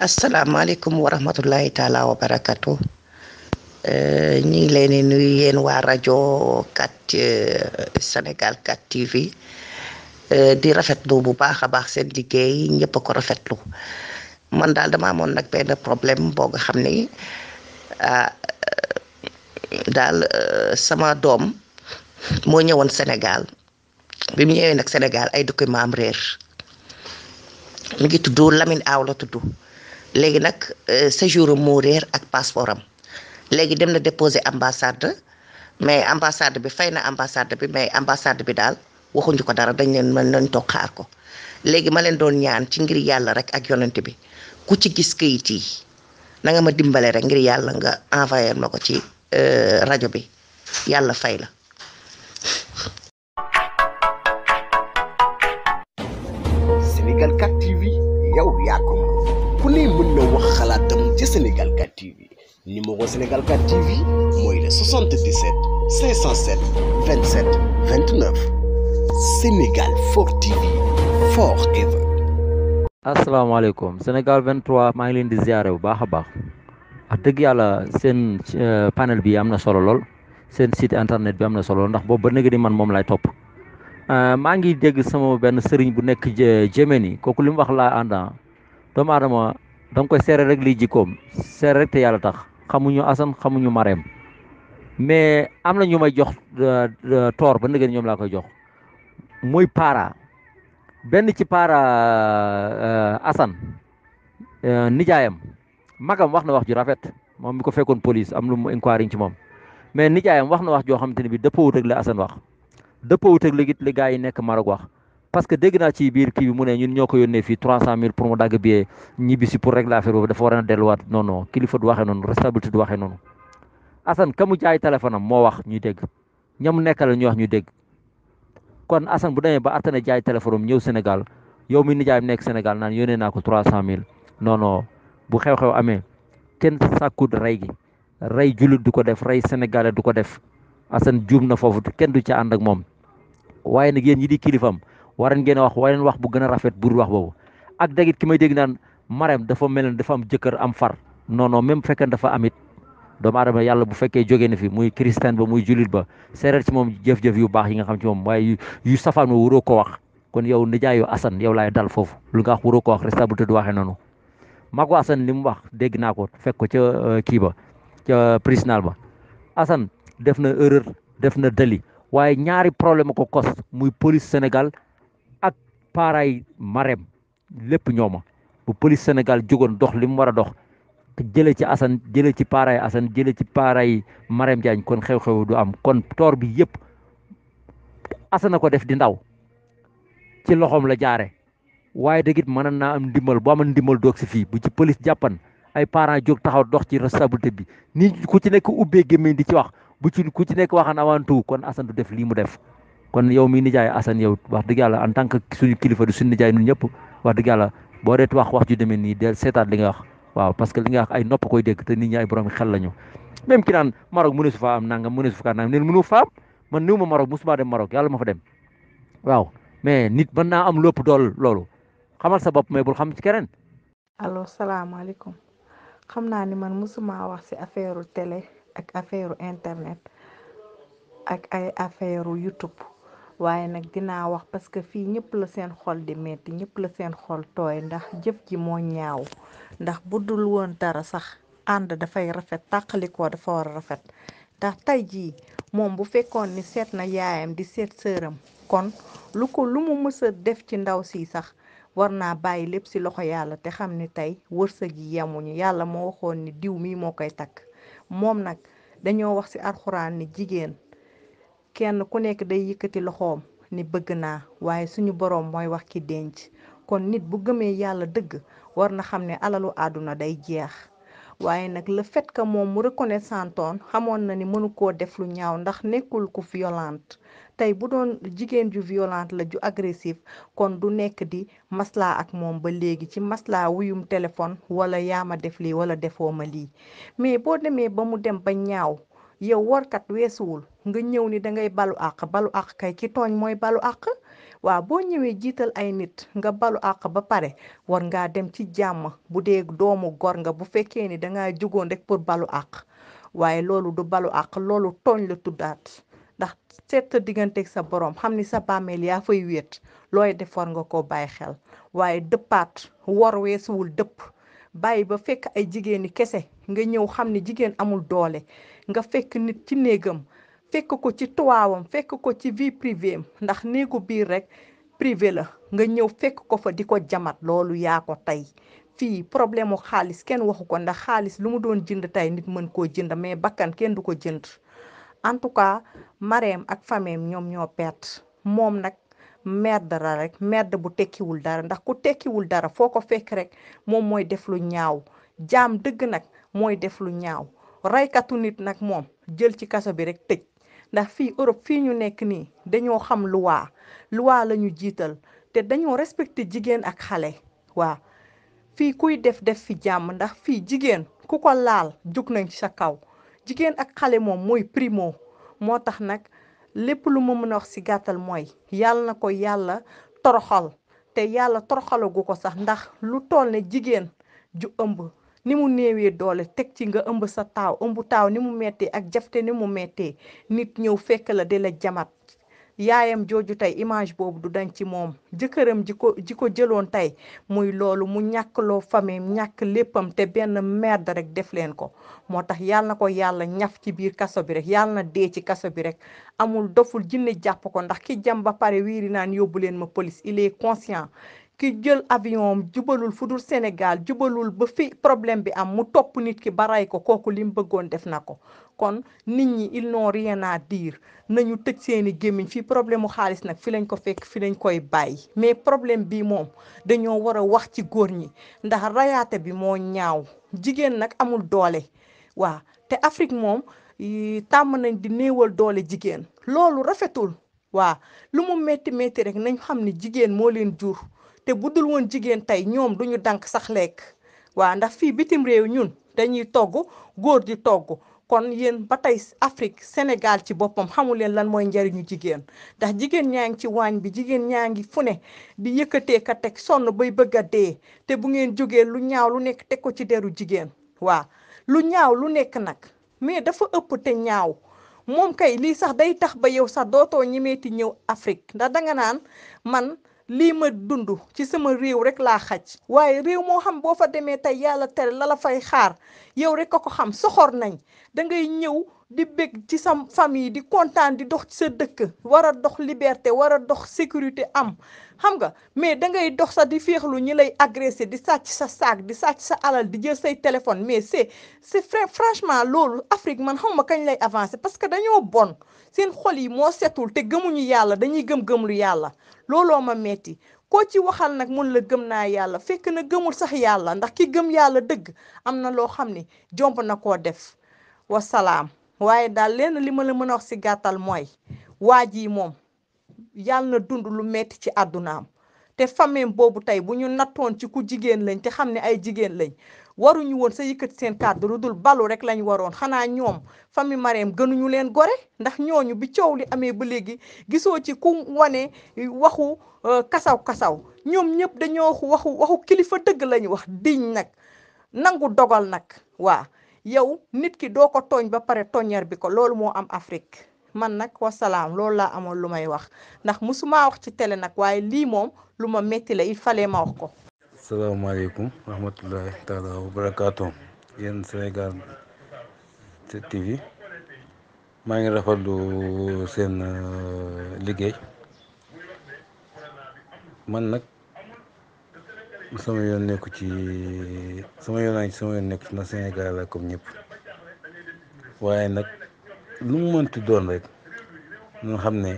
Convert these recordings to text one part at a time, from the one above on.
asalaamaaleykum wa rahmatullahi taala wa barakatu eh, ñu ngi leen di nuyu yéen waa rajo 4 euh, Sénégal 4 TV eh, di rafetlu bu baax a baax seen liggéey ñëpp a ko rafetlu man daal dama amoon nag benn problème boo nga xam ni ah, euh, daal euh, sama doom moo ñëwoon Sénégal bi mu ñëwee nag Sénégal ay document am réer mi ngi tudd Lamine Aw la léegi nag euh, séjour am moo réer ak passeport am léegi dem na déposé ambassade mais ambassade bi fay na ambassade bi mais ambassade bi daal waxuñu ko dara dañ leen mën nañ toog xaar ko léegi ma leen doon ñaan ci ngir yàlla rek ak yonent bi ku ci gis kayit yi na nga ma dimbale rek ngir yàlla nga envoyé ma ko ci euh, rajo bi yàlla fay la. numéro Sénégal 4 TV mooy le 77 507 27 29 maa ngi leen di ziare bu baax a baax dëgg yàlla seen euh, panel bi am na solo lool seen site internet bi am na solo ndax boobu ba léegi man moom laay topp. Euh, maa ngi dégg sama benn sëriñ bu nekk Jéméni kooku li mu wax laa ànda doomu aadama da nga koy seere rek liy seere rek te yàlla tax xamuñu Assane xamuñu Marème mais am na ñu may jox euh, euh, toor ba ndëgën ñoom laa koy jox muy para benn ci para euh, Assane nijaayam magam wax na wax ju rafet moom mi ko fekoon police am lu mu inquiry ci moom mais nijaayam wax na wax joo xamante ni bi dëppawut ak la wax dëppawut ak li gars yi nekk Maroc wax parce que dégg naa ci biir kii bi mu ne ñun ñoo ko yónnee fii trois cent mille pour mu dagg billet ñibbi si pour régler affaire boobu dafa war a delluwaat non non kilifa du waxee noonu responsabilité du waxee noonu Assane ka mu jaay téléphone moo wax ñu dégg ñam nekkal ñu wax ñu dégg kon Assane bu demee ba attane jaay téléphone am ñëw Sénégal yow mi nijaayam nekk senegal naan yónnee naa ko trois cent mille non bu xew-xew amee kenn sàkkut rey gi rey jullit du ko def rey sénégalais du ko def Assane juum na foofu kenn du ca ànd ak moom waaye nag yéen ñi di kilifam waran ngeen wax waneen wax bu gëna rafet bur wax bobu ak dagit kima deg nan maram marem dafa mel dafa am jëkër am far non non même fekk dafa amit doomu aadama yalla bu fekke joge na fi muy kristen ba muy julit ba seereer ci mom jëf-jëf yu bax yi nga xam ci mom way yu ko wax kon yow nijaayu asan yow lay dal fofu lu nga wax waroo ko wax resta bu tud waxe nonu magu asan lim wax Fek na ko fekk ko ci euh, ki ba ci prisonal ba asan def na erreur def na dali waye ñaari problème ko cost muy police senegal paaraay mareem lépp ñooma bu police senegal jógoon dox li war a dox jële ci Assane jële ci paaraay Assane jëlee ci paaraay Marème Diagne kon xew-xew du am kon toor bi yëpp Assane ko def di ndaw ci loxoom la jaare waaye dagit mën naa am ndimbal boo amoon ndimbal doog si fii bu ci police jàppan ay parents jóg taxaw dox ci responsabilité bi ni ku ci nekk ubbee gémmiñ di ci wax bu ci ku ci nekk waxaan awantu kon Assane du def lii mu def kon yow mi nijaay Assane yow wax dëgg yàlla en tant que suñu kilifa du suñu nijaay ñun ñëpp wax dëgg yàlla boo deet wax wax ju demee nii del seetaat li nga wax waaw parce que li nga wax ay nopp koy dégg te nit ñi ay borom xel lañu même ki naan Maroc mëneesu faa am nangam mëneesu faa nangam neen mënu faa am ma dem Maroc yàlla ma fa dem waaw mais nit man naa am lépp dool loolu xamal sa bopp mais bul xam ci keneen. allo salaamaaleykum xam naa ni man ma wax si affaire tele ak affaire internet ak ay affaire waaye nag dinaa wax parce que fii ñëpp la seen xol di metti ñëpp la seen xol tooy ndax jëf ji moo ñaaw ndax bu dul woon dara sax ànd dafay rafet tàqalikoo dafa war a rafet ndax tey jii moom bu fekkoon ni seet na yaayam di seet sëram kon lu ko lu mu mësa def ci ndaw si sax war naa bàyyi lépp si loxo yàlla te xam ni tey wërsëg yi yemuñu yàlla moo waxoon ni diw mii moo koy takk moom nag dañoo wax ci alxuraan ni jigéen kenn ku nekk day yëkkati loxoom ni bëgg naa waaye suñu boroom mooy wax ki denc kon nit bu gëmee yàlla dëgg war na xam ne alalu àdduna day jeex waaye nag la fait que moom mu reconnaissantoon xamoon na ni mënu koo def lu ñaaw ndax nekkul ku violente tey bu doon jigéen ju violente la ju agressif kon du nekk di maslaa ak moom ba léegi ci maslaa wuyum téléphone wala yaa ma def lii wala defoo ma lii mais boo demee ba mu dem ba ñaaw yow warkat weesuwul nga ñëw ni dangay balu àq balu àq kay ki tooñ mooy balu àq waa boo ñëwee jiital ay nit nga balu àq ba pare war ngaa dem ci jàmm bu dee doomu gor nga bu fekkee ni dangaa jugoon rek pour balu àq waaye loolu du balu àq loolu tooñ la tuddaat ndax seet digganteeg sa borom xam ni sa bàmmeel yaa fay weet looy def war nga ko bàyyi xel waaye dëppaat war weesuwul dëpp bàyyi ba fekk ay jigéeni kese nga ñëw xam ni jigéen amul doole nga fekk nit ci néegam fekk ko ci tuwaawam fekk ko ci vie privée am ndax néegu biir rek privé la nga ñëw fekk ko fa di ko jamat loolu yaa ko tey fii problème u xaalis kenn waxu ko ndax xaalis lu mu doon jënd tey nit mën koo jënd mais bakkan kenn du ko jënd en tout cas Marème ak fameem ñoom ñoo perte moom nag merde dara rek merde bu tekkiwul dara ndax ku tekkiwul dara foo ko fekk rek moom mooy def lu ñaaw jaam dëgg nag mooy def lu ñaaw reykatu nit nag moom jël ci kaso bi rek tëj ndax fii Europe fii ñu nekk nii dañoo xam loi loi la ñu jiital te dañoo respecté jigéen ak xale waaw fii kuy def def fi jàmm ndax fii jigéen ku ko laal jóg nañ sa kaw jigéen ak xale moom mooy primo moo tax nag lépp lu ma mën a wax ci gàttal mooy yàlla na ko yàlla toroxal te yàlla toroxalagu ko sax ndax lu tool ne jigéen ju ëmb ni mu néewee doole teg ci nga ëmb sa taaw ëmb taaw ni mu mettee ak jafte ni mu mettee nit ñëw fekk la di la jamat yaayam jooju tey image boobu du dañ ci moom jëkkëram ji ko ji ko jëloon tey muy loolu mu ñàkk loo famille ñàkk léppam te benn merde rek def leen ko moo tax yàlla ko yàlla ñaf ci biir kaso bi rek yàlla na dee ci kaso bi rek amul doful jinne jàpp ko ndax ki jam ba pare wiiri naan yóbbu leen ma police il est conscient ki jël avion am jubalul fu dul Sénégal jubalul ba fi problème bi am mu topp nit ki ba rey ko kooku li bëggoon def na ko kon nit ñi ils n'ont rien à dire nañu tëj seeni gémmiñ fii problème mu xaalis nag fi lañ ko fekk fi lañ koy bàyyi mais problème bi moom dañoo war a wax ci góor ñi ndax rayaate bi moo ñaaw jigéen nag amul doole waa te Afrique moom tàmm nañ di néewal doole jigéen loolu rafetul waa lu mu metti metti rek nañ xam ne jigéen moo leen jur te bu dul woon jigéen tey ñoom duñu dànk sax lekk waa ndax fii bitim réew ñun dañuy togg góor di togg kon yéen ba tey Afrique Sénégal ci boppam xamu leen lan mooy njariñu jigéen ndax jigéen ñaa ngi ci waañ bi jigéen ñaa ngi fu ne di yëkkatee ka teg sonn bay bëgg a dee te bu ngeen jógee lu ñaaw lu nekk teg ko ci deru jigéen waa lu ñaaw lu nekk nag mais dafa ëpp te ñaaw moom kay lii sax day tax ba yow sax dootoo ñemeeti ñëw Afrique ndax danga naan man. lii ma dund ci sama réew rek laa xaj waaye réew moo xam boo fa demee tey yàlla tere la la fay xaar yow rek a ko xam soxor nañ da ngay ñëw di bég ci sa famille di kontaan di dox sa dëkk war a dox liberté war a dox sécurité am xam nga mais da ngay dox sa di féexlu ñi lay agressé di sàcc sa saak di sàcc sa alal di jël say téléphone mais c'est c'est franchement loolu Afrique man xaw ma kañ lay avancé parce que dañoo bon seen xol yi moo setul te gëmuñu yàlla dañuy gëm-gëm lu yàlla looloo ma metti koo ci waxal nag mun la gëm naa yàlla fekk na gëmul sax yàlla ndax ki gëm yàlla dëgg am na loo xam ne jomb na koo def wasalaam waaye daal lenn li ma la mën a wax si gàttal mooy waa ji moom yàlla na dund lu metti ci àddunaam te famille boobu tey bu ñu nattoon ci ku jigéen lañ te xam ne ay jigéen lañ waruñu woon sa yëkkati seen kàddu lu dul balu rek lañ waroon xanaa ñoom famille Marème gënuñu leen gore ndax ñooñu bi coow li amee ba léegi gisoo ci ku wane waxu kasaw-kasaw euh, ñoom ñëpp dañoo waxu waxu kilifa dëgg lañu wax diñ nag nangu dogal nag waa yow nit ki doo ko tooñ ba pare toñeer bi ko loolu moo am Afrique man nag wasalaam loolu laa amoon lu may wax ndax musuma wax ci tele nag waaye lii moom lu ma métti la il fallait ma wax ko அஸ்லாம் வலைக்கும் ரஹமத்துல்லாஹி தாலா வபரகாத்தும் என் சிலைகார் TV maa ngi rafetlu seen liggéey man nag sama yoon nekku ci sama yoon naa ci sama yoon nekku ci na Sénégal la comme ñëpp waaye nag lu mu mënti doon rek ñu xam ne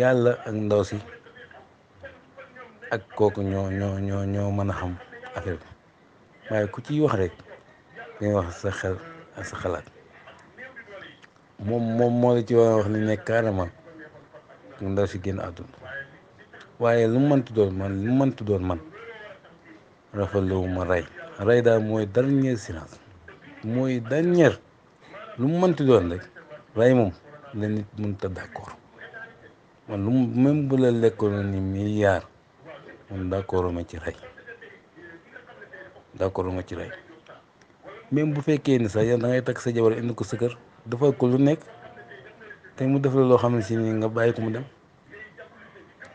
yàlla ak ndaw si ak kooku ñoo ñoo ñoo ñoo mën a xam affaire bi waaye ku ciy wax rek dañuy wax sa xel ak sa xalaat moom moom moo la ci war a wax ne nekk carrément mu ndaw si génn àdduna waaye lu mu mënti doon man lu mu doon man rafetlu ma rey rey daal mooy dernier silence mooy dernier lu mu mënti doon rek rey moom la nit mënut a d'accord man lu mu bu la lekkoon ni milliard man d'accord ma ci rey d'accord ma ci rey même bu fekkee ni sax yow da ngay takk sa jabar indi ko sa kër dafa ko lu nekk te mu def la loo xam ne si ni nga bàyyi ko dem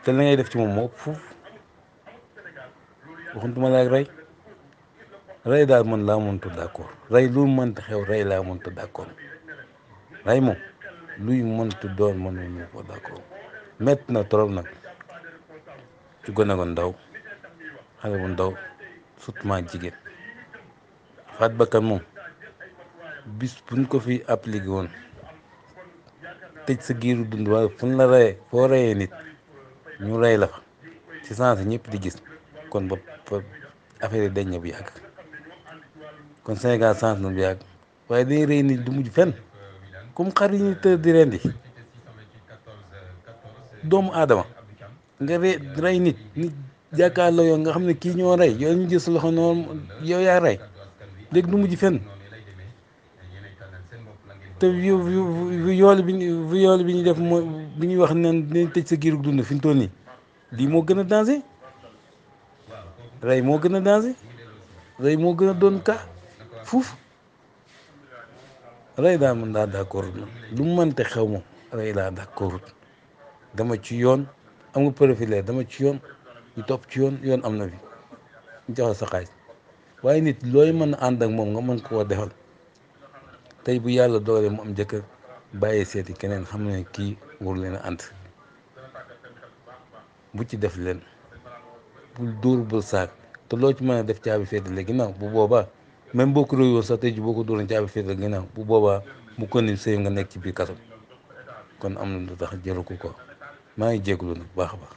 te la def ci moom moo foofu waxutuma la ak rey rey daal man laa mënta d'accord rey lu mënta xew ray laa mënta d'accord ray moom luy mënta doon mënuñu ko d'accord métti na trop nag. ci gone gu ndaw xale bu ndaw surtout ma jigéen faat bakkan moom bis buñ ko fi appliqué woon teg sa giiru dund waaye la rayee foo raye nit ñu rey la fa ci sens ñëpp di gis kon ba affaire yi dañ bu yàgg kon Sénégal sens na bu yàgg waaye day rey nit du mujj fenn comme xar ñu tër di rendi doomu aadama nga rey rey nit nit jàkkaarloo yoon nga xam ne kii ñoo rey yow ñu jël sa loxo noonu yow yaa rey léegi du mujj fen te viol bi viol bi ñu def mooy bi ñuy wax ne dinañ tëj sa giirug dund fi mu toll nii lii moo gën a danger rey moo gën a danger rey moo gën a doon ka fuuf rey daa mën daa d'accord lu mu mënte xew moom rey laa d'accord dama ci yoon am nga profil dama ci yoon ñu topp ci yoon yoon am na fi ñu joxal sa xaalis waaye nit looy mën a ànd ak moom nga mën koo defal tey bu yàlla doole mu am jëkkër seet yi keneen xam ne kii wóor leen a ànd bu ci def leen bul dóor bul saak te loo ci mën a def ci caabi féete la ginnaaw bu boobaa même boo ko réyoo sax tey ji boo ko dóoroon caabi féete la ginnaaw bu boobaa mu ko ni sëy nga nekk ci biir kasam kon am na lu tax jëru ko ko maa ngi jégalu nag bu baax a baax.